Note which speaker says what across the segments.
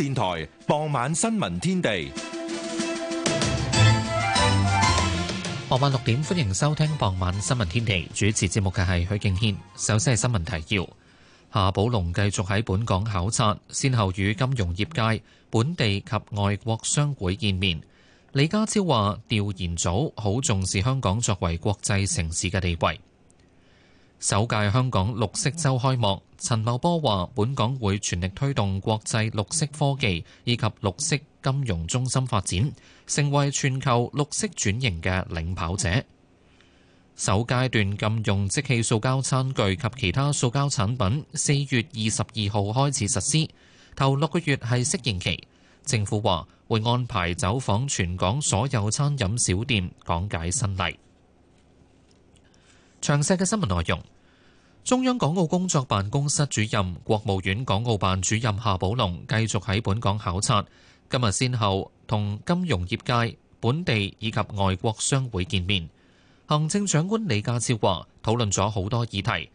Speaker 1: 電台傍晚新聞
Speaker 2: 天地，傍晚六點，歡迎
Speaker 3: 收聽傍晚新聞天地。主持節目嘅係許敬軒。首先係新聞提要：夏寶龍繼續喺本港考察，先後與金融業界、本地及外國商會見面。李家超話，調研組好重視香港作為國際城市嘅地位。首屆香港綠色週開幕，陳茂波話：本港會全力推動國際綠色科技以及綠色金融中心發展，成為全球綠色轉型嘅領跑者。首階段禁用即棄塑膠餐具及其他塑膠產品，四月二十二號開始實施，頭六個月係適應期。政府話會安排走訪全港所有餐飲小店，講解新例。詳細嘅新聞內容。中央港澳工作辦公室主任、國務院港澳辦主任夏寶龍繼續喺本港考察，今日先後同金融業界、本地以及外國商會見面。行政長官李家超話討論咗好多議題，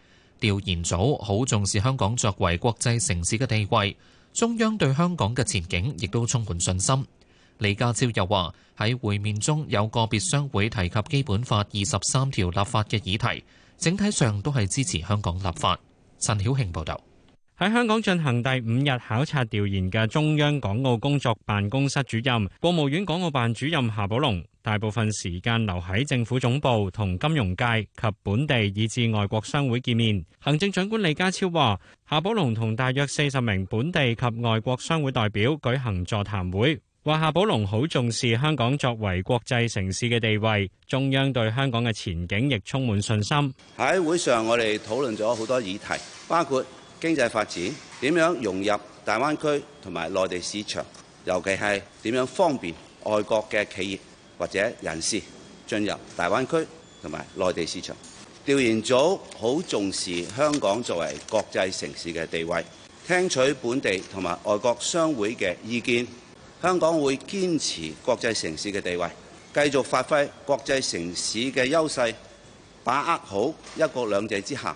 Speaker 3: 調研組好重視香港作為國際城市嘅地位，中央對香港嘅前景亦都充滿信心。李家超又話喺會面中有個別商會提及《基本法》二十三條立法嘅議題。整體上都係支持香港立法。陳曉慶報道，
Speaker 4: 喺香港進行第五日考察調研嘅中央港澳工作辦公室主任、國務院港澳辦主任夏寶龍，大部分時間留喺政府總部同金融界及本地以至外國商會見面。行政長官李家超話，夏寶龍同大約四十名本地及外國商會代表舉行座談會。話夏寶龍好重視香港作為國際城市嘅地位，中央對香港嘅前景亦充滿信心。
Speaker 5: 喺會上，我哋討論咗好多議題，包括經濟發展、點樣融入大灣區同埋內地市場，尤其係點樣方便外國嘅企業或者人士進入大灣區同埋內地市場。調研組好重視香港作為國際城市嘅地位，聽取本地同埋外國商會嘅意見。香港會堅持國際城市嘅地位，繼續發揮國際城市嘅優勢，把握好一國兩制之下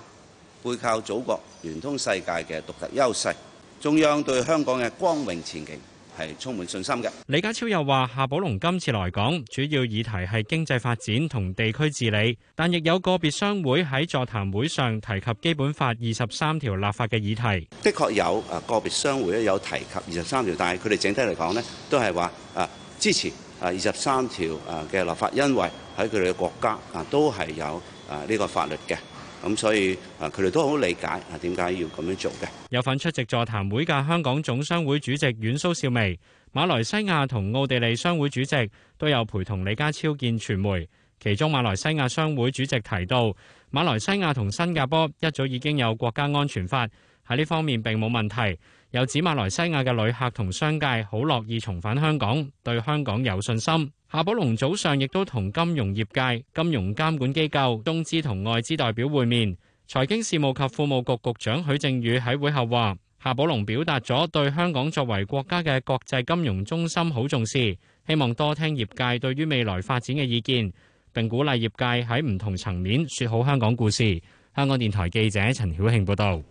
Speaker 5: 背靠祖國、聯通世界嘅獨特優勢。中央對香港嘅光榮前景係充滿信心嘅。
Speaker 4: 李家超又話：夏寶龍今次來港，主要議題係經濟發展同地區治理，但亦有個別商會喺座談會上提及《基本法》二十三條立法嘅議題。
Speaker 5: 的確有啊，個別商會咧有提及二十三條，但係佢哋整體嚟講呢，都係話啊支持啊二十三條啊嘅立法，因為喺佢哋嘅國家啊都係有啊呢個法律嘅。咁所以啊，佢哋都好理解啊，點解要咁樣做嘅。
Speaker 4: 有份出席座談會嘅香港總商會主席阮蘇少薇、馬來西亞同奧地利商會主席都有陪同李家超見傳媒。其中馬來西亞商會主席提到，馬來西亞同新加坡一早已經有國家安全法，喺呢方面並冇問題。又指馬來西亞嘅旅客同商界好樂意重返香港，對香港有信心。夏寶龍早上亦都同金融業界、金融監管機構、中資同外資代表會面。財經事務及庫務局局、局長許正宇喺會後話，夏寶龍表達咗對香港作為國家嘅國際金融中心好重視，希望多聽業界對於未來發展嘅意見，並鼓勵業界喺唔
Speaker 3: 同層面說好香港故事。香港電台記者陳曉慶報道。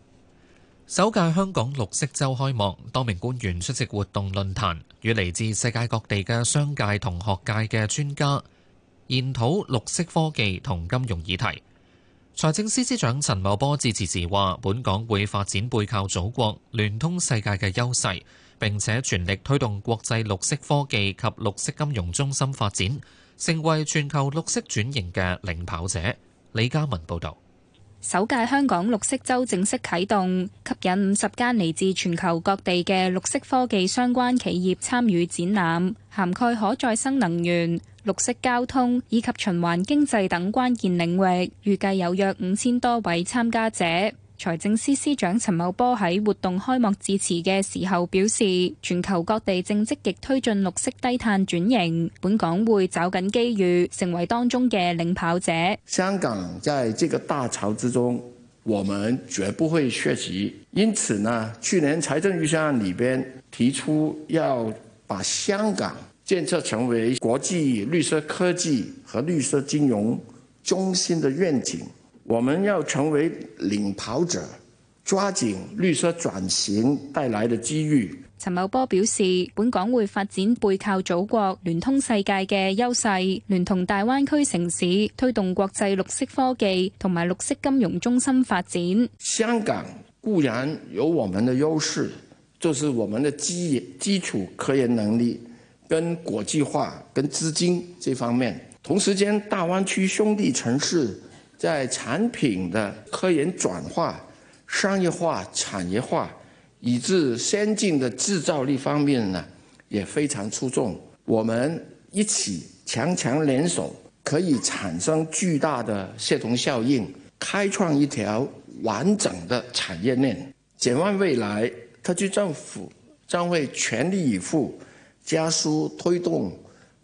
Speaker 3: 首屆香港綠色週開幕，多名官員出席活動論壇，與嚟自世界各地嘅商界、同學界嘅專家研討綠色科技同金融議題。財政司司長陳茂波致辭時話：本港會發展背靠祖國、聯通世界嘅優勢，並且全力推動國際綠色科技及綠色金融中心發展，成為全球綠色轉型嘅領跑者。李嘉文報導。
Speaker 6: 首屆香港綠色週正式啟動，吸引五十間嚟自全球各地嘅綠色科技相關企業參與展覽，涵蓋可再生能源、綠色交通以及循環經濟等關鍵領域，預計有約五千多位參加者。財政司司長陳茂波喺活動開幕致辭嘅時候表示，全球各地正積極推進綠色低碳轉型，本港會抓緊機遇，成為當中嘅領跑者。香港
Speaker 7: 在這個大潮之中，我們絕不會缺席。因此呢，去年財政預算案裡邊提出要把香港建設成為國際綠色科技和綠色金融中心的願景。我們要成為領跑者，抓緊綠色轉型帶來的機遇。
Speaker 6: 陳茂波表示，本港會發展背靠祖國、聯通世界嘅優勢，聯同大灣區城市推動國際綠色科技同埋綠色金融中心發展。香港
Speaker 7: 固然有我們的優勢，就是我們的基基礎科研能力、跟國際化、跟資金這方面。同時間，大灣區兄弟城市。在產品的科研轉化、商業化、產業化，以至先進的製造力方面呢，也非常出眾。我們一起強強聯手，可以產生巨大的協同效應，開創一條完整的產業鏈。展望未來，特區政府將會全力以赴，加速推動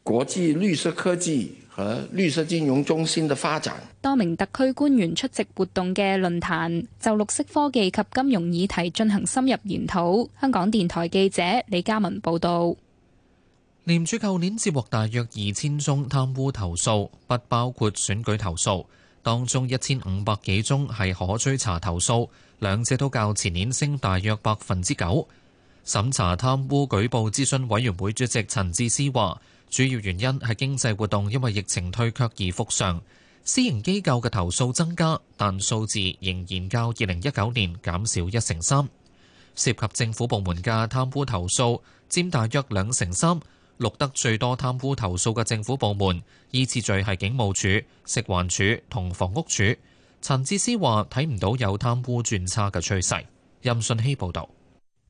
Speaker 7: 國際綠色科技、嚇，綠色金融中心嘅發展。
Speaker 6: 多名特區官員出席活動嘅論壇，就綠色科技及金融議題進行深入研討，香港電台記者李嘉文報道。
Speaker 3: 廉署舊年接獲大約二千宗貪污投訴，不包括選舉投訴，當中一千五百幾宗係可追查投訴，兩者都較前年升大約百分之九。審查貪污舉報諮詢委員會主席陳智思話。主要原因係經濟活動因為疫情退卻而復常。私營機構嘅投訴增加，但數字仍然較二零一九年減少一成三。涉及政府部門嘅貪污投訴佔大約兩成三，錄得最多貪污投訴嘅政府部門依次序係警務處、食環署同房屋署。陳志思話睇唔到有貪污轉差嘅趨勢。任
Speaker 1: 信希報導。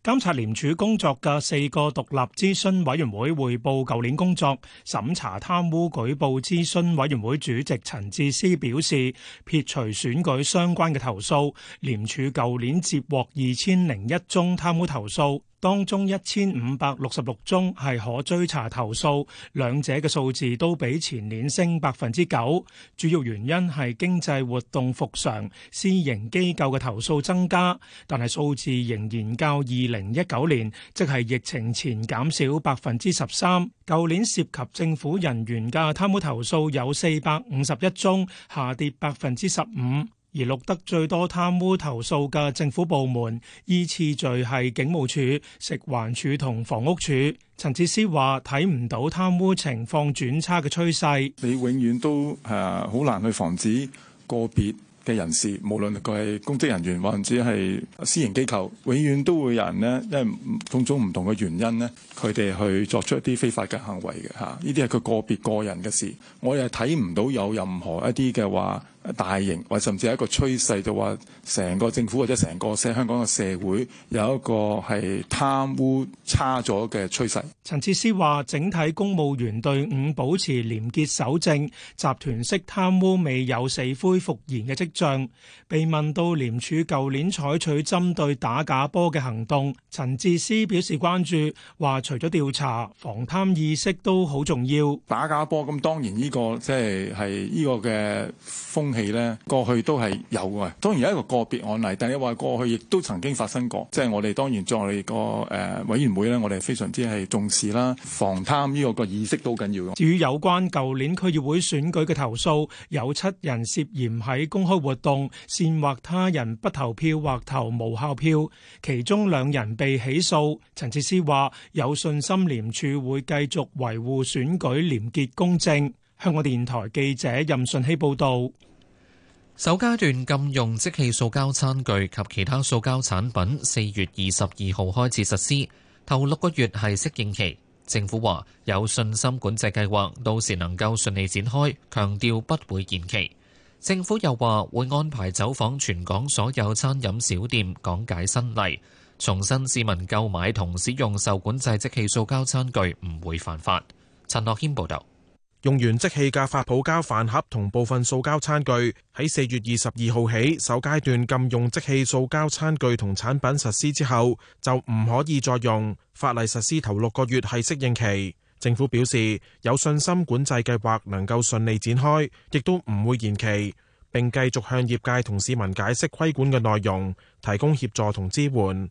Speaker 1: 監察廉署工作嘅四個獨立諮詢委員會匯報舊年工作，審查貪污舉報。諮詢委員會主席陳智思表示，撇除選舉相關嘅投訴，廉署舊年接獲二千零一宗貪污投訴。當中一千五百六十六宗係可追查投訴，兩者嘅數字都比前年升百分之九，主要原因係經濟活動復常，私營機構嘅投訴增加，但係數字仍然較二零一九年，即係疫情前減少百分之十三。舊年涉及政府人員嘅貪污投訴有四百五十一宗，下跌百分之十五。而錄得最多貪污投訴嘅政府部門，依次序係警務處、食環署同房屋署。陳智思話：睇唔到貪污情況轉差嘅趨勢。你永
Speaker 8: 遠都誒
Speaker 1: 好難去防止個別嘅人士，無論佢係公職人員或者係私營機構，永遠都會有人呢，因為種種唔同嘅原因呢，佢哋去作出一啲非法嘅行為嘅嚇。呢啲係佢個別個人嘅事，我又睇唔到有任何一啲嘅話。大型或甚至係一個趨勢，就話、是、成個政府或者成個社香港嘅社會有一個係貪污差咗嘅趨勢。陳智思話：整體公務員隊伍保持廉潔守正，集團式貪污未有死灰復燃嘅跡象。被問到廉署舊年採取針對打假波嘅行動，陳智思表示關注，話除咗調查，防貪意識都好重要。打假波咁當然呢、這個即係係呢個嘅風。係呢，過去都係有啊。當然有一個個別案例，但係話過去亦都曾經發生過，即係我哋當然作為個誒委員會呢，我哋非常之係重視啦，防貪呢個個意識都好緊要嘅。至於有關舊年區議會選舉嘅投訴，有七人涉嫌喺公開活動煽惑他人不投票或投無效票，其中兩人被起訴。陳智思話有信心，廉署會繼續維護選舉廉潔公正。香港電台記者任順希報道。
Speaker 3: 首階段禁用即棄塑膠餐具及其他塑膠產品，四月二十二號開始實施。頭六個月係適應期，政府話有信心管制計劃到時能夠順利展開，強調不會延期。政府又話會安排走訪全港所有餐飲小店，講解新例，重申市民購買同使用受管制即棄塑膠餐具唔會犯
Speaker 8: 法。陳樂謙報道。用完即棄嘅發泡膠飯盒同部分塑膠餐具，喺四月二十二號起首階段禁用即棄塑膠餐具同產品實施之後，就唔可以再用。法例實施頭六個月係適應期，政府表示有信心管制計劃能夠順利展開，亦都唔會延期，並繼續向業界同市民解釋規管嘅內容，提供協助同支援。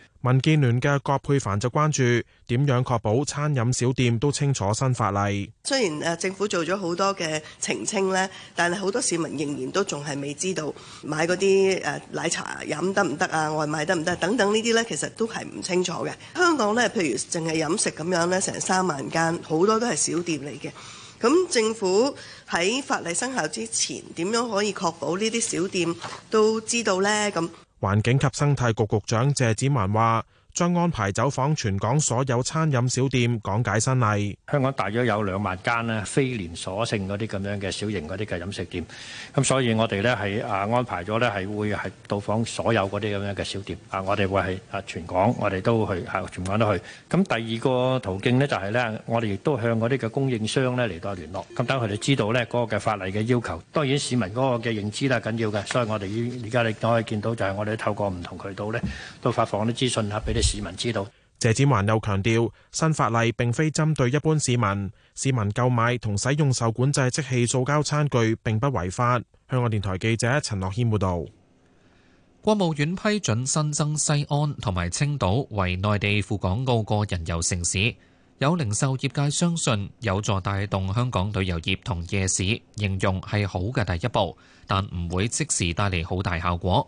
Speaker 8: 民建聯嘅葛珮帆就關注點樣確保餐飲小店都清楚新法例。
Speaker 9: 雖然誒政府做咗好多嘅澄清呢，但係好多市民仍然都仲係未知道買嗰啲誒奶茶飲得唔得啊，外賣得唔得等等呢啲呢，其實都係唔清楚嘅。香港呢，譬如淨係飲食咁樣呢，成三萬間，好多都係小店嚟嘅。咁政府喺法例生效之前，點樣可以確保呢啲小店都知道呢？咁
Speaker 8: 環境及生態局局長謝展寰話，將安排走訪全港所有餐飲小店講解新例。香港大約有兩萬間咧非連鎖性嗰啲咁樣嘅小型嗰啲嘅飲食店，咁所以我
Speaker 2: 哋咧係啊安排咗咧係會係到訪所有嗰啲咁樣嘅小店啊，我哋會係啊全港我哋都去喺全港都去。咁第二個途徑呢就係咧，我哋亦都向嗰啲嘅供應商咧嚟到聯絡。咁等佢哋知道咧嗰個嘅法例嘅要求。當然市民嗰個嘅認
Speaker 8: 知啦緊要嘅，所以我哋而家你都可以見到就係我哋透過唔同渠道咧都發放啲資訊啊俾你。市民知道，謝展寰又強調，新法例並非針對一般市民，市民購買同使用受管制即棄塑膠餐具並不違法。香港電台記者陳樂軒報道。國務院批准新增西安同埋
Speaker 3: 青島為內地赴港澳個人遊城市，有零售業界相信有助帶動香港旅遊業同夜市，形容係好嘅第一步，但唔會即時帶嚟好大效果。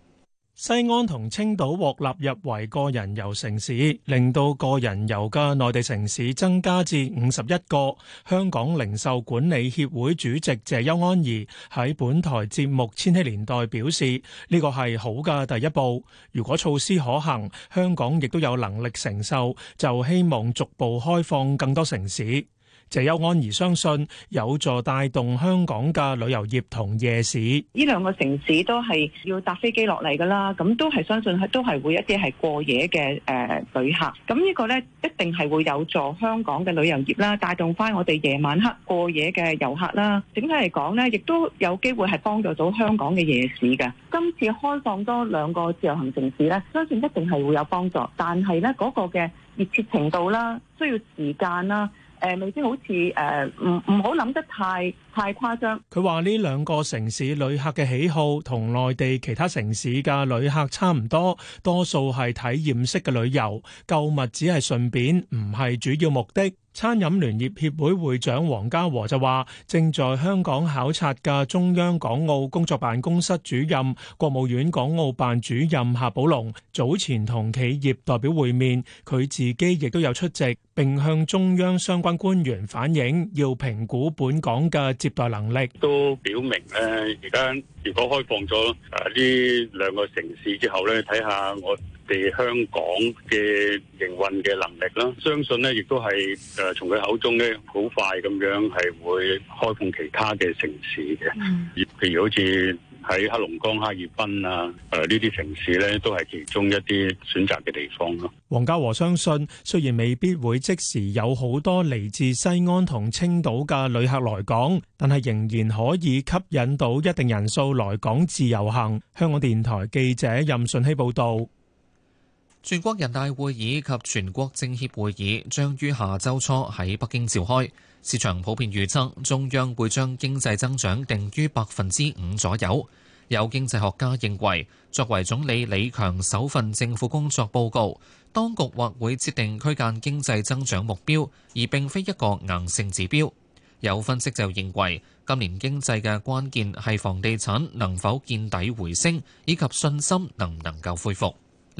Speaker 1: 西安同青島獲納入為個人遊城市，令到個人遊嘅內地城市增加至五十一個。香港零售管理協會主席謝優安怡喺本台節目《千禧年代》表示，呢、這個係好嘅第一步。如果措施可行，香港亦都有能力承受，就希望逐步開放更多城市。謝優安而相信有助帶動香港嘅旅遊業同夜市，
Speaker 9: 呢兩個城市都係要搭飛機落嚟噶啦，咁都係相信都係會一啲係過夜嘅誒旅客，咁呢個咧一定係會有助香港嘅旅遊業啦，帶動翻我哋夜晚黑過夜嘅遊客啦。整體嚟講咧，亦都有機會係幫助到香港嘅夜市嘅。今次開放多兩個自由行城市咧，相信一定係會有幫助，但係咧嗰個嘅熱切程度啦，需要時間啦。誒，未必好似誒，唔唔好諗得太太誇張。
Speaker 1: 佢話呢兩個城市旅客嘅喜好同內地其他城市嘅旅客差唔多，多數係體驗式嘅旅遊，購物只係順便，唔係主要目的。餐飲聯業協會會長黃家和就話，正在香港考察嘅中央港澳工作辦公室主任、國務院港澳辦主任，夏寶龍，早前同企業代表會面，佢自己亦都有出席，並向中央相關官員反映，要評估本港嘅接待能力。
Speaker 4: 地香港嘅營運嘅能力啦，相信咧亦都係誒從佢口中咧好快咁樣係會
Speaker 2: 開放其他嘅城市嘅，而譬如好似
Speaker 4: 喺黑龍江哈爾濱啊，誒呢啲城市咧都係其中一啲選擇嘅地
Speaker 1: 方咯。黃家和相信，雖然未必會即時有好多嚟自西安同青島嘅旅客來港，但係仍然可以吸引到一定人數來港自由行。香港電台記者任順熙報道。全
Speaker 3: 國人大會議及全國政協會議將於下周初喺北京召開，市場普遍預測中央會將經濟增長定於百分之五左右。有經濟學家認為，作為總理李強首份政府工作報告，當局或會設定區間經濟增長目標，而並非一個硬性指標。有分析就認為，今年經濟嘅關鍵係房地產能否見底回升，以及信心能唔能夠恢復。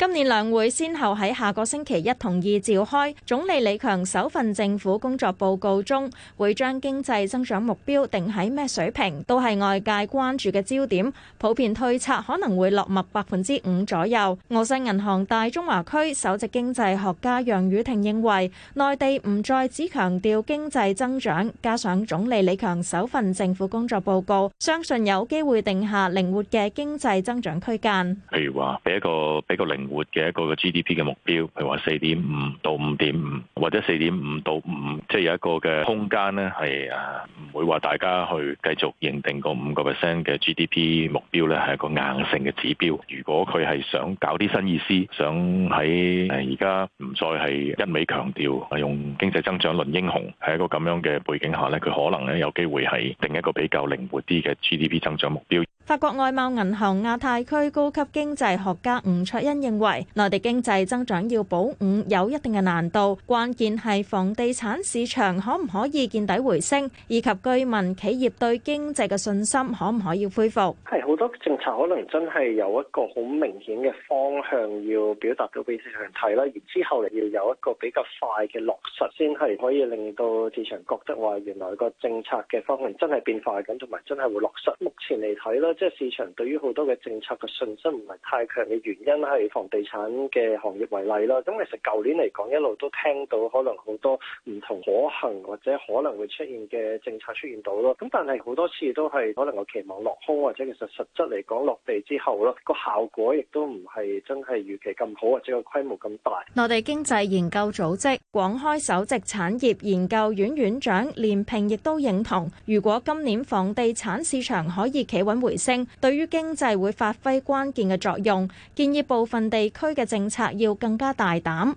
Speaker 10: 今年兩會先後喺下個星期一、同二召開總理李強首份政府工作報告中，會將經濟增長目標定喺咩水平，都係外界關注嘅焦點。普遍推測可能會落墨百分之五左右。澳新銀行大中華區首席經濟學家楊宇霆認為，內地唔再只強調經濟增長，加上總理李強首份政府工作報告，相信有機會定下靈活嘅經濟增長區間，
Speaker 2: 譬如話俾一個俾個零。活嘅一個嘅 GDP 嘅目標，譬如話四點五到五點五，或者四點五到五，即係有一個嘅空間咧，係誒唔會話大家去繼續認定個五個 percent 嘅 GDP 目標咧係一個硬性嘅指標。如果佢係想搞啲新意思，想喺而家唔再係一味強調係用經濟增長論英雄，喺一個咁樣嘅背景下咧，佢可能咧有機會係定一個比較靈活啲嘅 GDP 增長目標。
Speaker 10: 法國外貿銀行亞太區高級經濟學家吳卓恩認為，內地經濟增長要保五有一定嘅難度，關鍵係房地產市場可唔可以見底回升，以及居民企業對經濟嘅信心可唔可以恢復。
Speaker 2: 係好多政策可能真係有一個好明顯嘅方向要表達到俾市場睇啦，然之後嚟，要有一個比較快嘅落實，先係可以令到市場覺得話原來個政策嘅方向真係變化緊，同埋真係會落實。目前嚟睇啦。即係市場對於好多嘅政策嘅信心唔係太強嘅原因係以房地產嘅行業為例啦。咁其實舊年嚟講一路都聽到可能好多唔同可行或者可能會出現嘅政策出現到咯。咁但係好多次都係可能我期望落空，或者其實實質嚟講落地之後咯，個效果亦都唔係真係預期咁好，或者個規模咁大。
Speaker 10: 內地經濟研究組織廣開首席產業研究院院長連平亦都認同，如果今年房地產市場可以企穩回升，對於經濟會發揮關鍵嘅作用，建議部分地區嘅政策要更加大膽。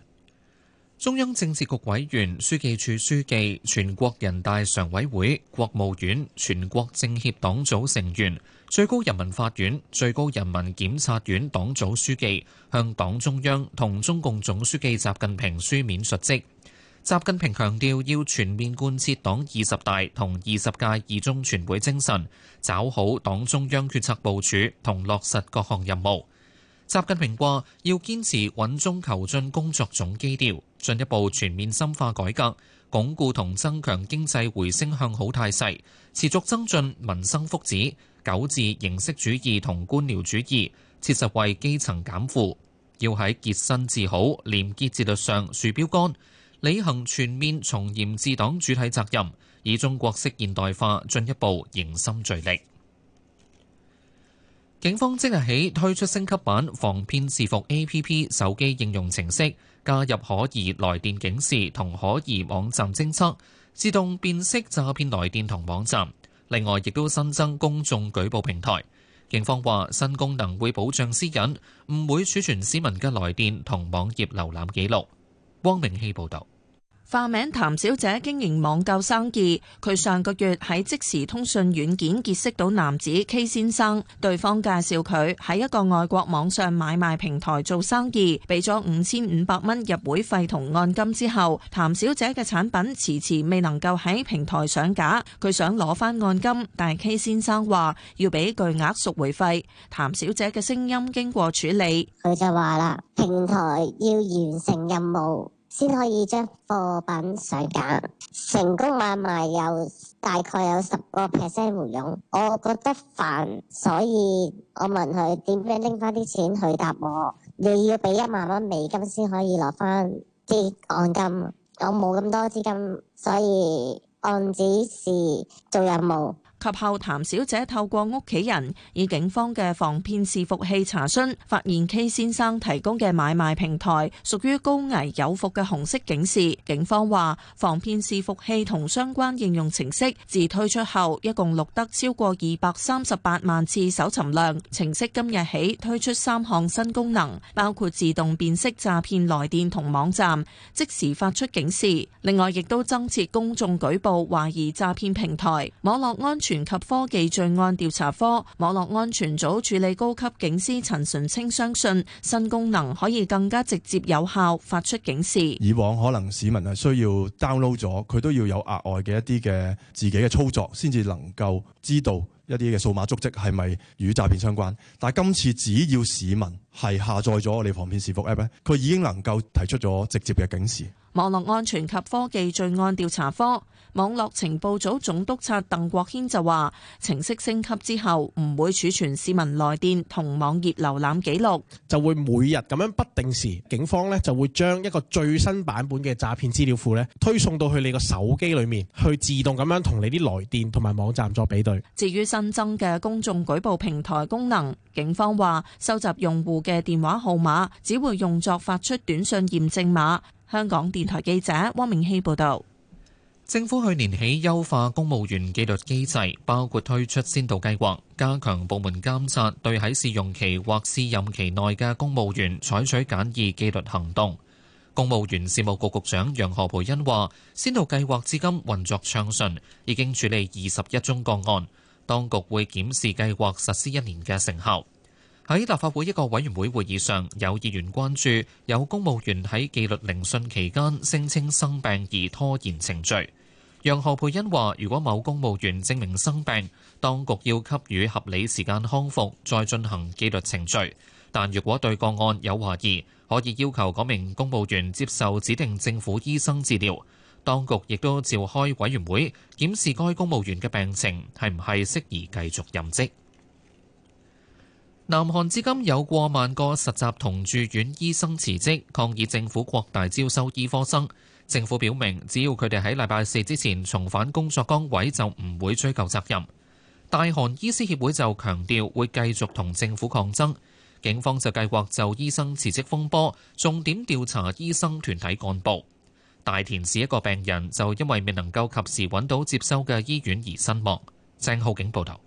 Speaker 3: 中央政治局委員、書記處書記、全國人大常委會、國務院、全國政協黨組成員、最高人民法院、最高人民檢察院黨組書記向黨中央同中共總書記習近平書面述職。習近平強調，要全面貫徹黨二十大同二十屆二中全會精神，抓好黨中央決策部署同落實各項任務。習近平話要堅持穩中求進工作總基調，進一步全面深化改革，鞏固同增強經濟回升向好態勢，持續增進民生福祉，糾正形式主義同官僚主義，切實為基層減負。要喺潔身自好、廉潔自律上樹標杆，履行全面從嚴治黨主體責任，以中國式現代化進一步凝心聚力。警方即日起推出升級版防騙視伏 A P P 手機應用程式，加入可疑來電警示同可疑網站偵測，自動辨識詐騙來電同網站。另外，亦都新增公眾舉報平台。警方話，新功能會保障私隱，唔會儲存市民嘅來電同網頁瀏覽記錄。汪明熙報道。
Speaker 9: 化名譚小姐經營網購生意，佢上個月喺即時通訊軟件結識到男子 K 先生，對方介紹佢喺一個外國網上買賣平台做生意，俾咗五千五百蚊入會費同按金之後，譚小姐嘅產品遲遲未能夠喺平台上架，佢想攞翻按金，但係 K 先生話要俾巨額贖回費，譚小姐嘅聲音經過處理，佢就話啦：
Speaker 11: 平台要完成任務。先可以將貨品上架，成功買賣有大概有十個 percent 回佣。我覺得煩，所以我問佢點樣拎翻啲錢，佢答我你要俾一萬蚊美金先可以攞翻啲按金，我冇咁多資金，所
Speaker 9: 以按指示做任務。及後，譚小姐透過屋企人以警方嘅防騙伺服器查詢，發現 K 先生提供嘅買賣平台屬於高危有伏嘅紅色警示。警方話，防騙伺服器同相關應用程式自推出後，一共錄得超過二百三十八萬次搜尋量。程式今日起推出三項新功能，包括自動辨識詐騙來電同網站，即時發出警示。另外，亦都增設公眾舉報懷疑詐騙平台網絡安全。全及科技罪案調查科網絡安全組處理高級警司陳純清相信新功能可以更加直接有效發出警示。
Speaker 8: 以往可能市民係需要 download 咗，佢都要有額外嘅一啲嘅自己嘅操作，先至能夠知道一啲嘅數碼足跡係咪與詐騙相關。但係今次只要市民。係下載咗我哋防騙視伏 app，佢已經能夠提出咗直接嘅警示。
Speaker 9: 網絡安全及科技罪案調查科網絡情報組總督察鄧國軒就話：程式升級之後，唔會儲存市民來電
Speaker 8: 同網頁
Speaker 9: 瀏覽記錄，
Speaker 8: 就會每日咁樣不定時，警方呢就會將一個最新版本嘅詐騙資料庫呢推送到去你個手機裡面，去自動咁樣同你啲來電同埋網站作比對。
Speaker 9: 至於新增嘅公眾舉報平台功能，警方話收集用戶。嘅電話號碼只會用作發出短信驗證碼。香港電台記者汪明希報導。
Speaker 3: 政府去年起優化公務員紀律機制，包括推出先導計劃，加強部門監察，對喺試用期或試任期內嘅公務員採取簡易紀律行動。公務員事務局局長楊何培恩話：先導計劃至今運作暢順，已經處理二十一宗個案。當局會檢視計劃實施一年嘅成效。喺立法會一個委員會會議上，有議員關注有公務員喺紀律聆訊期間聲稱生病而拖延程序。楊何蓓茵話：如果某公務員證明生病，當局要給予合理時間康復，再進行紀律程序。但如果對個案有懷疑，可以要求嗰名公務員接受指定政府醫生治療。當局亦都召開委員會檢視該公務員嘅病情係唔係適宜繼續任職。南韓至今有過萬個實習同住院醫生辭職，抗議政府擴大招收醫科生，政府表明只要佢哋喺禮拜四之前重返工作崗位就唔會追究責任。大韓醫師協會就強調會繼續同政府抗爭。警方就計劃就醫生辭職風波重點調查醫生團體幹部。大田市一個病人就因為未能夠及時揾到接收嘅醫院而身亡。鄭浩景報道。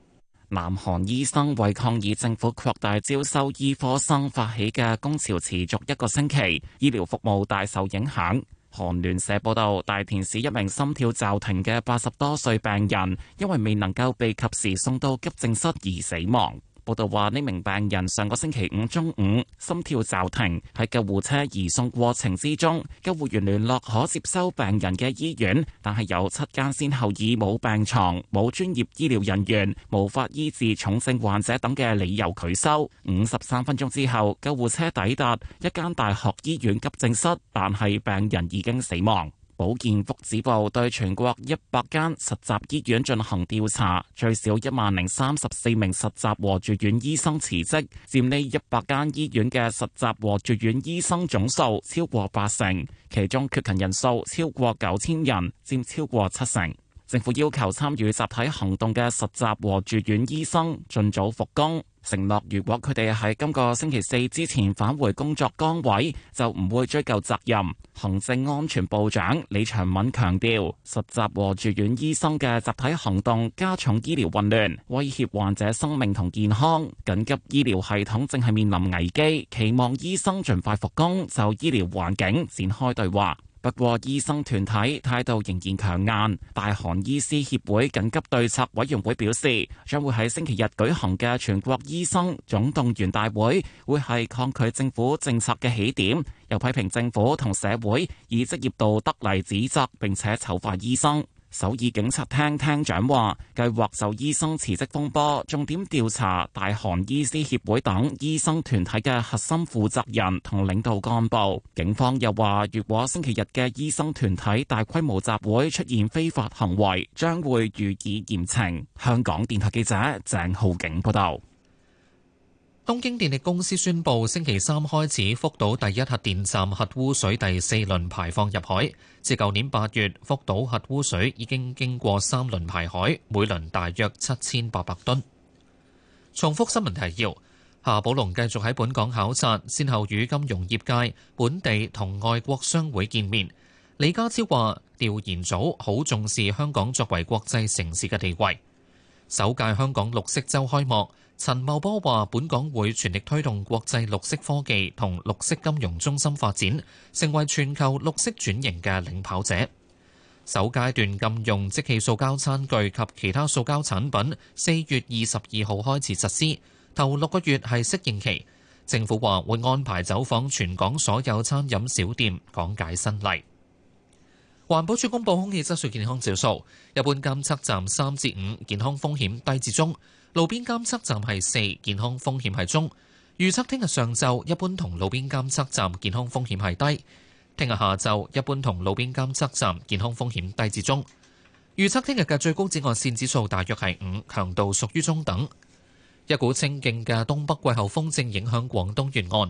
Speaker 3: 南韓
Speaker 11: 醫生為抗議政府擴大招收醫科生發起嘅工潮持續一個星期，醫療服務大受影響。韓聯社報道，大田市一名心跳驟停嘅八十多歲病人，因為未能夠被及時送到急症室而死亡。報道話，呢名病人上個星期五中午心跳驟停，喺救護車移送過程之中，救護員聯絡可接收病人嘅醫院，但係有七間先後以冇病床、冇專業醫療人員、無法醫治重症患者等嘅理由拒收。五十三分鐘之後，救護車抵達一間大學醫院急症室，但係病人已經死亡。保健福祉部對全國一百間實習醫院進行調查，最少一萬零三十四名實習和住院醫生辭職，佔呢一百間醫院嘅實習和住院醫生總數超過八成，其中缺勤人數超過九千人，佔超過七成。政府要求參與集體行動嘅實習和住院醫生盡早復工。承諾，如果佢哋喺今個星期四之前返回工作崗位，就唔會追究責任。行政安全部長李祥敏強調，實習和住院醫生嘅集體行動加重醫療混亂，威脅患者生命同健康，緊急醫療系統正係面臨危機。期望醫生盡快復工，就醫療環境展開對話。不過，醫生團體態度仍然強硬。大韓醫師協會緊急對策委員會表示，將會喺星期日舉行嘅全國醫生總動員大會，會係抗拒政府政策嘅起點，又批評政府同社會以職業道德嚟指責，並且醜化醫生。首爾警察廳廳長話，計劃就醫生辭職風波，重點調查大韓醫師協會等醫生團體嘅核心負責人同領導幹部。警方又話，如果星期日嘅醫生團體大規模集會出現非法行為，將會予以嚴懲。香港電台記者鄭浩景
Speaker 3: 報道。東京電力公司宣布，星期三開始福島第一核電站核污水第四輪排放入海。至舊年八月，福島核污水已經經過三輪排海，每輪大約七千八百噸。重複新聞提要。夏寶龍繼續喺本港考察，先後與金融業界、本地同外國商會見面。李家超話：調研組好重視香港作為國際城市嘅地位。首屆香港綠色週開幕。陳茂波話：本港會全力推動國際綠色科技同綠色金融中心發展，成為全球綠色轉型嘅領跑者。首階段禁用即棄塑膠餐具及其他塑膠產品，四月二十二號開始實施，頭六個月係適應期。政府話會安排走訪全港所有餐飲小店，講解新例。環保署公布空氣質素健康指數，一般監測站三至五，健康風險低至中。路邊監測站係四，健康風險係中。預測聽日上晝一般同路邊監測站健康風險係低。聽日下晝一般同路邊監測站健康風險低至中。預測聽日嘅最高紫外線指數大約係五，強度屬於中等。一股清勁嘅東北季候風正影響廣東沿岸，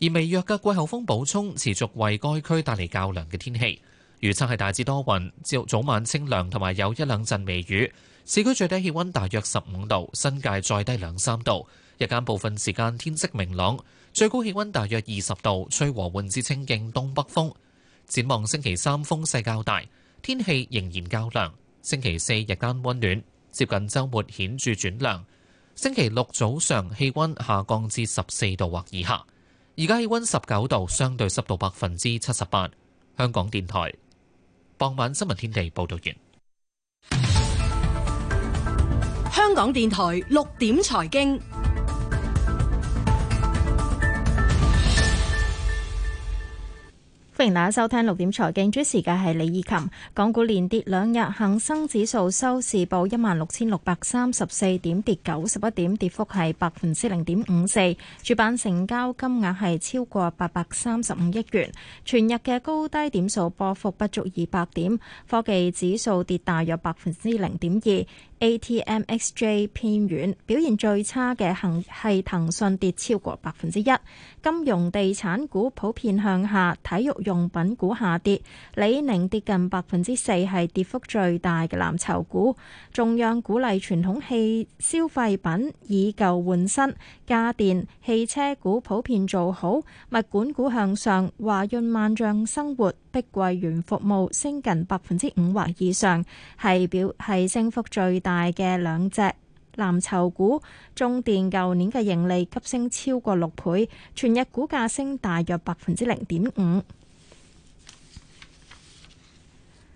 Speaker 3: 而微弱嘅季候風補充持續為該區帶嚟較涼嘅天氣。預測係大致多雲，朝早，早晚清涼，同埋有一兩陣微雨。市區最低氣溫大約十五度，新界再低兩三度。日間部分時間天色明朗，最高氣溫大約二十度，吹和緩至清勁東北風。展望星期三風勢較大，天氣仍然較涼。星期四日間溫暖，接近周末顯著轉涼。星期六早上氣溫下降至十四度或以下。而家氣溫十九度，相對濕度百分之七十八。香港電台傍晚新聞天地報道完。
Speaker 10: 香港電台六點財經，歡迎大家收聽六點財經。主持嘅係李以琴。港股連跌兩日，恒生指數收市報一萬六千六百三十四點，跌九十一點，跌幅係百分之零點五四。主板成交金額係超過八百三十五億元，全日嘅高低點數波幅不足二百點。科技指數跌大約百分之零點二。ATMXJ 偏軟，表現最差嘅行係騰訊跌超過百分之一。金融地產股普遍向下，體育用品股下跌，李寧跌近百分之四，係跌幅最大嘅藍籌股。重讓鼓勵傳統汽消費品以舊換新，家電汽車股普遍做好，物管股向上，華潤萬象生活、碧桂園服務升近百分之五或以上，係表現升幅最大大嘅兩隻藍籌股，中電舊年嘅盈利急升超過六倍，全日股價升大約百分之零點五。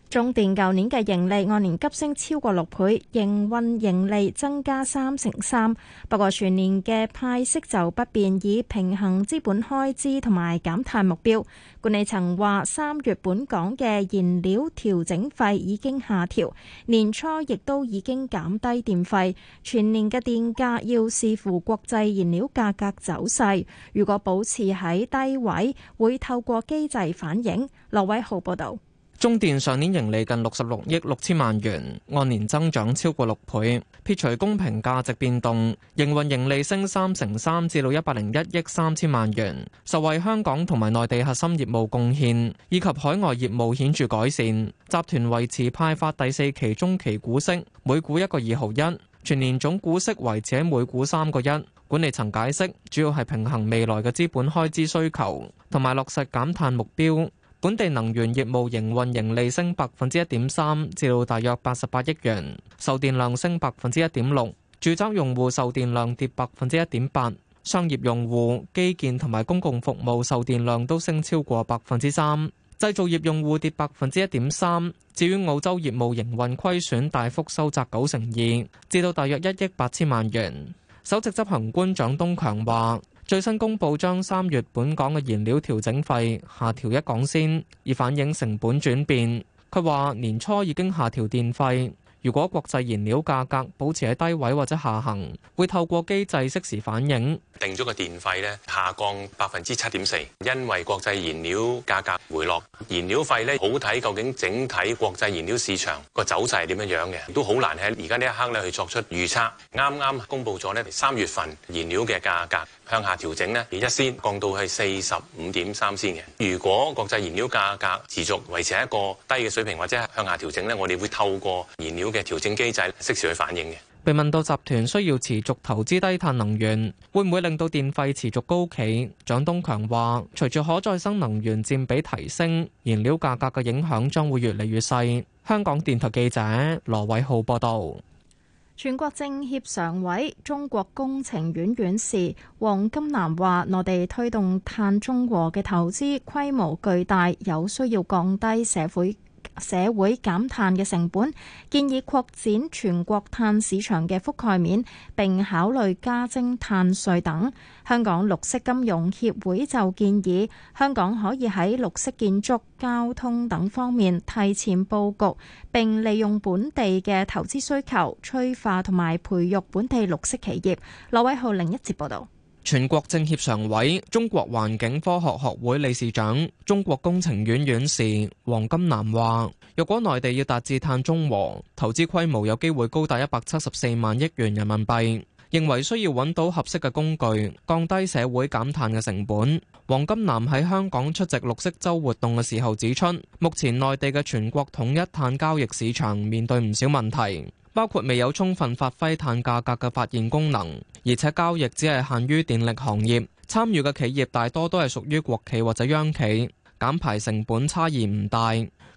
Speaker 10: 中電舊年嘅盈利按年急升超過六倍，營運盈利增加三成三。不過全年嘅派息就不變，以平衡資本開支同埋減碳目標。管理層話，三月本港嘅燃料調整費已經下調，年初亦都已經減低電費。全年嘅電價要視乎國際燃料價格走勢，如果保持喺低位，會透過機制反映。羅偉浩報道。
Speaker 12: 中電上年盈利近六十六億六千萬元，按年增長超過六倍。撇除公平價值變動，營運盈利升三成三至到一百零一億三千萬元，受惠香港同埋內地核心業務貢獻，以及海外業務顯著改善。集團維持派發第四期中期股息，每股一個二毫一，全年總股息維持喺每股三個一。管理層解釋，主要係平衡未來嘅資本開支需求，同埋落實減碳目標。本地能源業務營運盈利升百分之一點三，至到大約八十八億元；售電量升百分之一點六，住宅用戶售電量跌百分之一點八，商業用戶、基建同埋公共服務售電量都升超過百分之三，製造業用戶跌百分之一點三。至於澳洲業務營運虧損大幅收窄九成二，至到大約一億八千萬元。首席執行官蔣東強話。最新公布將三月本港嘅燃料調整費下調一港仙，以反映成本轉變。佢話年初已經下調電費，如果國際燃料價格保持喺低位或者下行，會透過機制適時反映。
Speaker 1: 定咗個電費咧下降百分之七點四，因為國際燃料價格回落，燃料費咧好睇究竟整體國際燃料市場個走勢係點樣樣嘅，都好難喺而家呢一刻咧去作出預測。啱啱公布咗咧三月份燃料嘅價格向下調整咧，而一先降到係四十五點三先嘅。如果國際燃料價格持續維持喺一個低嘅水平或者係向下調整咧，我哋會透過燃料嘅調整機制適時去反應嘅。
Speaker 12: 被問到集團需要持續投資低碳能源，會唔會令到電費持續高企？蔣東強話：隨住可再生能源佔比提升，燃料價格嘅影響將會越嚟越細。香港電台記者羅偉浩報道，
Speaker 10: 全國政協常委、中國工程院院士黃金南話：我哋推動碳中和嘅投資規模巨大，有需要降低社會社會減碳嘅成本，建議擴展全國碳市場嘅覆蓋面，並考慮加徵碳稅等。香港綠色金融協會就建議，香港可以喺綠色建築、交通等方面提前佈局，並利用本地嘅投資需求，催化同埋培育本地綠色企業。羅偉浩另一節報道。
Speaker 12: 全國政協常委、中國環境科學學會理事長、中國工程院院士黃金南話：若果內地要達至碳中和，投資規模有機會高達一百七十四萬億元人民幣。認為需要揾到合適嘅工具，降低社會減碳嘅成本。黃金南喺香港出席綠色周活動嘅時候指出，目前內地嘅全國統一碳交易市場面對唔少問題。包括未有充分發揮碳價格嘅發現功能，而且交易只係限於電力行業，參與嘅企業大多都係屬於國企或者央企，減排成本差異唔大。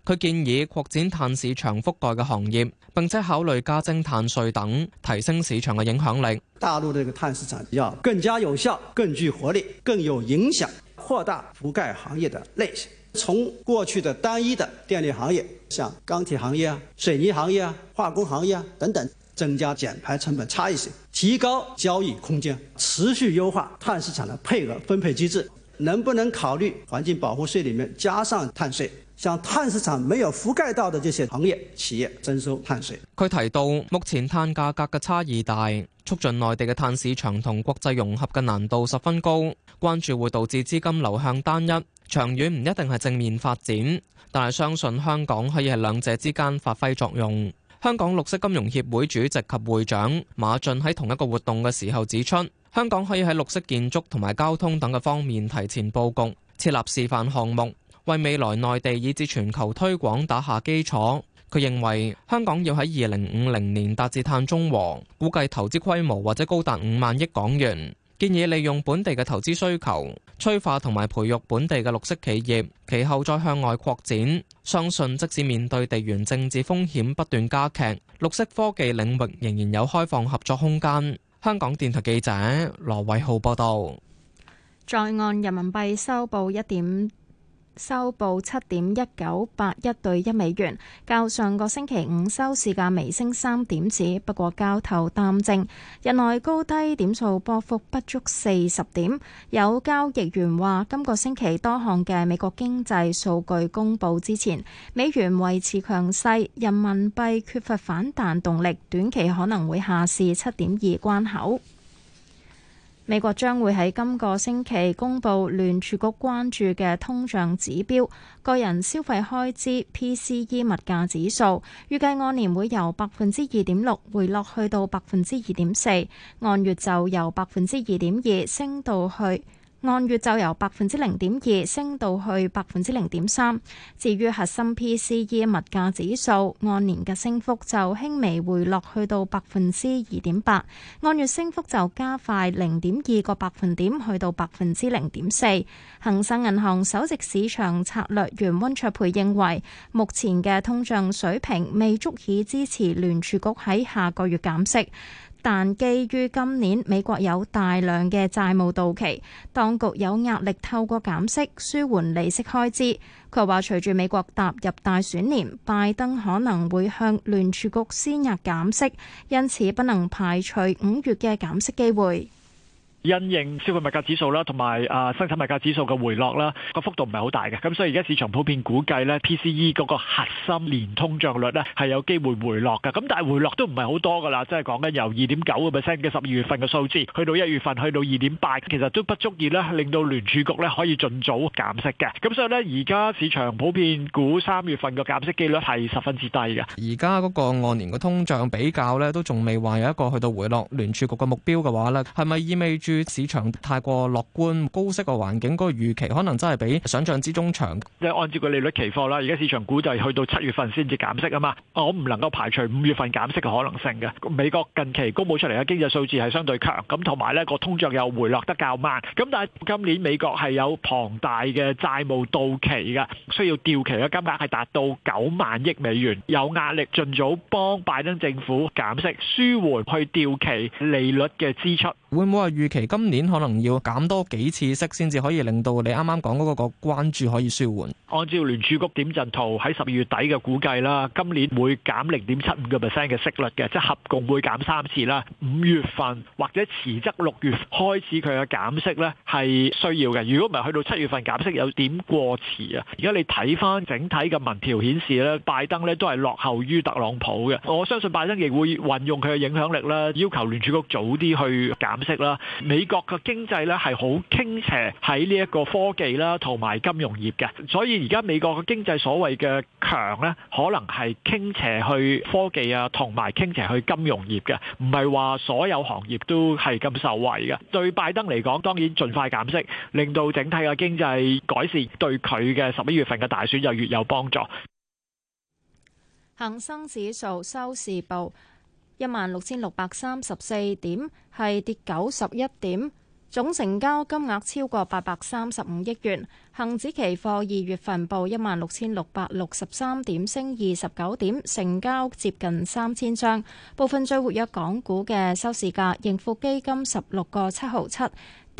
Speaker 12: 佢建議擴展碳市場覆蓋嘅行業，並且考慮加徵碳稅等，提升市場嘅影響力。
Speaker 2: 大陸嘅碳市場要更加有效、更具活力、更有影響，擴大覆蓋行業嘅類型。從過去的單一的電力行業，像鋼鐵行業啊、水泥行業啊、化工行業啊等等，增加減排成本差異性，提高交易空間，持續優化碳市場的配額分配機制。能不能考慮環境保護稅裏面加上碳稅？像碳市場沒有覆蓋到的這些行業企業
Speaker 5: 徵收碳稅。
Speaker 12: 佢提到，目前碳價格嘅差異大，促進內地嘅碳市場同國際融合嘅難度十分高，關注會導致資金流向單一。長遠唔一定係正面發展，但係相信香港可以喺兩者之間發揮作用。香港綠色金融協會主席及會長馬駿喺同一個活動嘅時候指出，香港可以喺綠色建築同埋交通等嘅方面提前佈局，設立示範項目，為未來內地以至全球推廣打下基礎。佢認為香港要喺二零五零年達至碳中和，估計投資規模或者高達五萬億港元。建議利用本地嘅投資需求，催化同埋培育本地嘅綠色企業，其後再向外擴展。相信即使面對地緣政治風險不斷加劇，綠色科技領域仍然有開放合作空間。香港電台記者羅偉浩報道。
Speaker 10: 在岸人民幣收報一點。收報七點一九八一對一美元，較上個星期五收市價微升三點子。不過交投擔正，日內高低點數波幅不足四十點。有交易員話：今個星期多項嘅美國經濟數據公布之前，美元維持強勢，人民幣缺乏反彈動力，短期可能會下試七點二關口。美國將會喺今個星期公布聯儲局關注嘅通脹指標，個人消費開支 PCE 物價指數，預計按年會由百分之二點六回落去到百分之二點四，按月就由百分之二點二升到去。按月就由百分之零點二升到去百分之零點三，至於核心 PCE 物價指數按年嘅升幅就輕微回落去到百分之二點八，按月升幅就加快零點二個百分點去到百分之零點四。恒生銀行首席市場策略員溫卓培認為，目前嘅通脹水平未足以支持聯儲局喺下個月減息。但基於今年美國有大量嘅債務到期，當局有壓力透過減息舒緩利息開支。佢話：隨住美國踏入大選年，拜登可能會向聯儲局施壓減息，因此不能排除五月嘅減息機會。
Speaker 2: 因應消費物價指數啦，同埋啊生產物價指數嘅回落啦，個幅度唔係好大嘅。咁所以而家市場普遍估計咧，PCE 嗰個核心年通脹率咧係有機會回落嘅。咁但係回落都唔係好多噶啦，即係講緊由二點九個 percent 嘅十二月份嘅數字，去到一月份去到二點八，其實都不足以咧令到聯儲局咧可以儘早減息嘅。咁所以咧，而家市場普遍估三月份嘅減息機率係十分之低嘅。而家
Speaker 12: 嗰個按年嘅通脹比較咧，都仲未話有一個去到回落聯儲局嘅目標嘅話咧，係咪意味住？市場太過樂觀，高息個環境，個預期可能真係比想象之中長。
Speaker 2: 即係按照個利率期貨啦，而家市場估就係去到七月份先至減息啊嘛。我唔能夠排除五月份減息嘅可能性嘅。美國近期公布出嚟嘅經濟數字係相對強，咁同埋呢個通脹又回落得較慢。咁但係今年美國係有龐大嘅債務到期嘅，需要調期嘅金額係達到九萬億美元，有壓力盡早幫拜登政府減息，舒緩去調期利率嘅支出。
Speaker 12: 會唔會話，預期今年可能要減多幾次息，先至可以令到你啱啱講嗰個個關注可以舒緩？
Speaker 2: 按照聯儲局點陣圖喺十二月底嘅估計啦，今年會減零點七五個 percent 嘅息率嘅，即係合共會減三次啦。五月份或者遲則六月開始佢嘅減息呢係需要嘅。如果唔係去到七月份減息有點過遲啊。而家你睇翻整體嘅民調顯示咧，拜登呢都係落後於特朗普嘅。我相信拜登亦會運用佢嘅影響力啦，要求聯儲局早啲去減息啦，美國嘅經濟咧係好傾斜喺呢一個科技啦，同埋金融業嘅，所以而家美國嘅經濟所謂嘅強咧，可能係傾斜去科技啊，同埋傾斜去金融業嘅，唔係話所有行業都係咁受惠嘅。對拜登嚟講，當然盡快減息，令到整體嘅經濟改善，對佢嘅十一月份嘅大選就越有幫助。
Speaker 10: 恆生指數收市報。一萬六千六百三十四點，係跌九十一點，總成交金額超過八百三十五億元。恒指期貨二月份報一萬六千六百六十三點，升二十九點，成交接近三千張。部分最活躍港股嘅收市價，盈富基金十六個七毫七。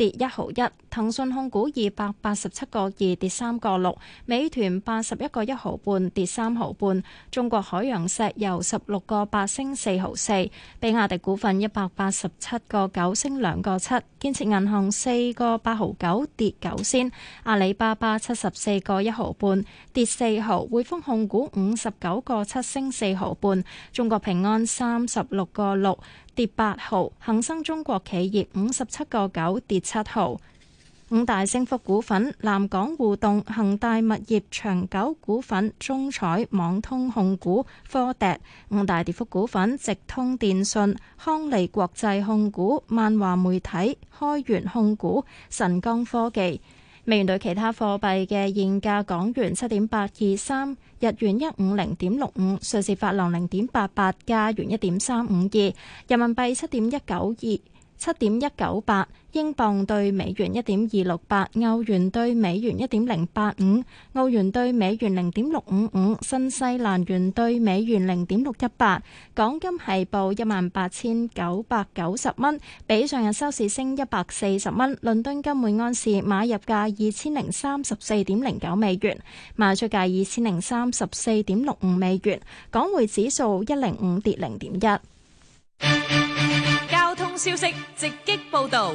Speaker 10: 1> 跌一毫一，騰訊控股二百八十七個二跌三個六，美團八十一個一毫半跌三毫半，中國海洋石油十六個八升四毫四，比亞迪股份一百八十七個九升兩個七，建設銀行四個八毫九跌九仙，阿里巴巴七十四個一毫半跌四毫，匯豐控股五十九個七升四毫半，中國平安三十六個六。跌八毫，恒生中國企業五十七個九跌七毫，五大升幅股份：南港互動、恒大物業、長久股份、中彩、網通控股、科迪；五大跌幅股份：直通電信、康利國際控股、萬華媒體、開源控股、神光科技。美元兌其他貨幣嘅現價：港元七點八二三，日元一五零點六五，瑞士法郎零點八八，加元一點三五二，人民幣七點一九二，七點一九八。英鎊兌美元一點二六八，歐元兌美元一點零八五，澳元兌美元零點六五五，新西蘭元兌美元零點六一八。港金係報一萬八千九百九十蚊，比上日收市升一百四十蚊。倫敦金每安士買入價二千零三十四點零九美元，賣出價二千零三十四點六五美元。港匯指數
Speaker 13: 一零五跌零點一。
Speaker 6: 消息直擊報導。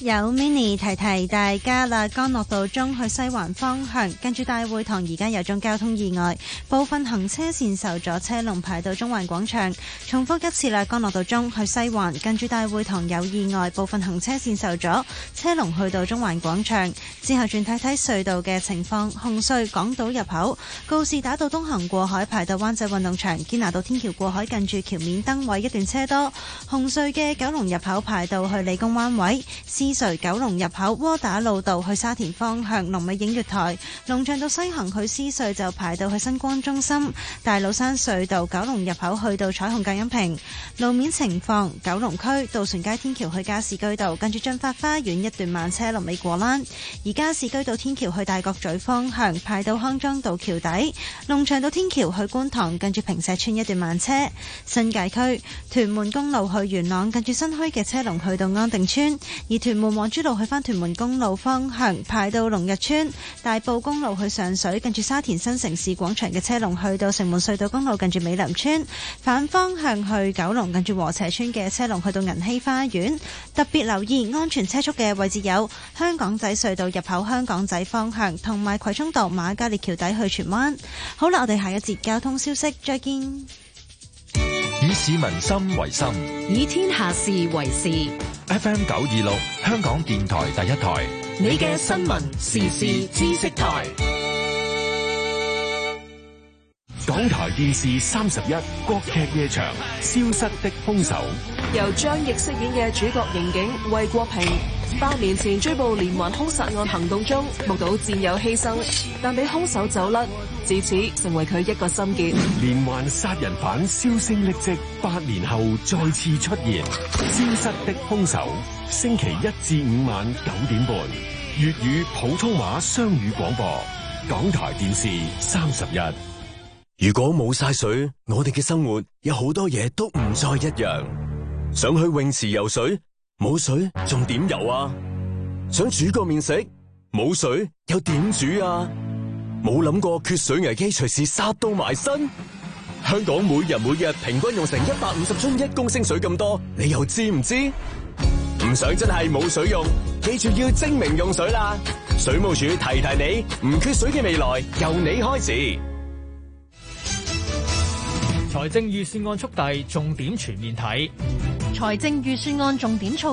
Speaker 13: 有 Mini 提提大家啦，干諾道中去西環方向，近住大會堂而家有宗交通意外，部分行車線受阻，車龍排到中環廣場。重複一次啦，干諾道中去西環，近住大會堂有意外，部分行車線受阻，車龍去到中環廣場。之後轉睇睇隧道嘅情況，紅隧港島入口告士打道東行過海排到灣仔運動場，堅拿道天橋過海近住橋面燈位一段車多。紅隧嘅九龍入口排到去理工灣位。獅隧九龍入口窩打老道去沙田方向龍尾影月台，龍翔道西行去獅隧就排到去新光中心，大老山隧道九龍入口去到彩虹隔音屏路面情況，九龍區渡船街天橋去加士居道跟住駿發花園一段慢車龍尾過彎，而加士居道天橋去大角咀方向排到康莊道橋底，龍翔道天橋去觀塘跟住平石村一段慢車，新界區屯門公路去元朗跟住新墟嘅車龍去到安定村，而屯。屯門皇珠路去返屯門公路方向，排到龍日村；大埔公路去上水，近住沙田新城市廣場嘅車龍去到城門隧道公路，近住美林村反方向去九龍，近住禾輋邨嘅車龍去到銀禧花園。特別留意安全車速嘅位置有香港仔隧道入口香港仔方向，同埋葵涌道瑪嘉烈橋底去荃灣。好啦，我哋下一節交通消息再見。
Speaker 2: 以市民心為心，
Speaker 13: 以天下事為事。
Speaker 2: FM 九二六，香港電台第一台，
Speaker 3: 你嘅新聞時事知
Speaker 2: 識台。港台電視三十一，國劇夜場，消失的凶手，
Speaker 6: 由張譯飾演嘅主角
Speaker 9: 刑警魏國平。八年前追捕連環凶殺案行動中，目睹戰友犧牲，但被凶手走甩，自此成為佢一個心結。
Speaker 2: 連環殺人犯銷聲匿跡，八年後再次出現，消 失的凶手。星期一至五晚九點半，粵語普通話雙語廣播，港台電視三十一。如果冇晒水，我哋嘅生活有好多嘢都唔再一樣。想去泳池游水？冇水仲點游啊？想煮個麵食，冇水又點煮啊？冇諗過缺水危機隨時殺到埋身。香港每日每日平均用成一百五十樽一公升水咁多，你又知唔知？唔想真係冇水用，記住要精明用水啦。水務署提提你，唔缺水嘅未來由你開始。
Speaker 13: 財政預算案速遞，重點全面睇。
Speaker 10: 財政預算案重點速。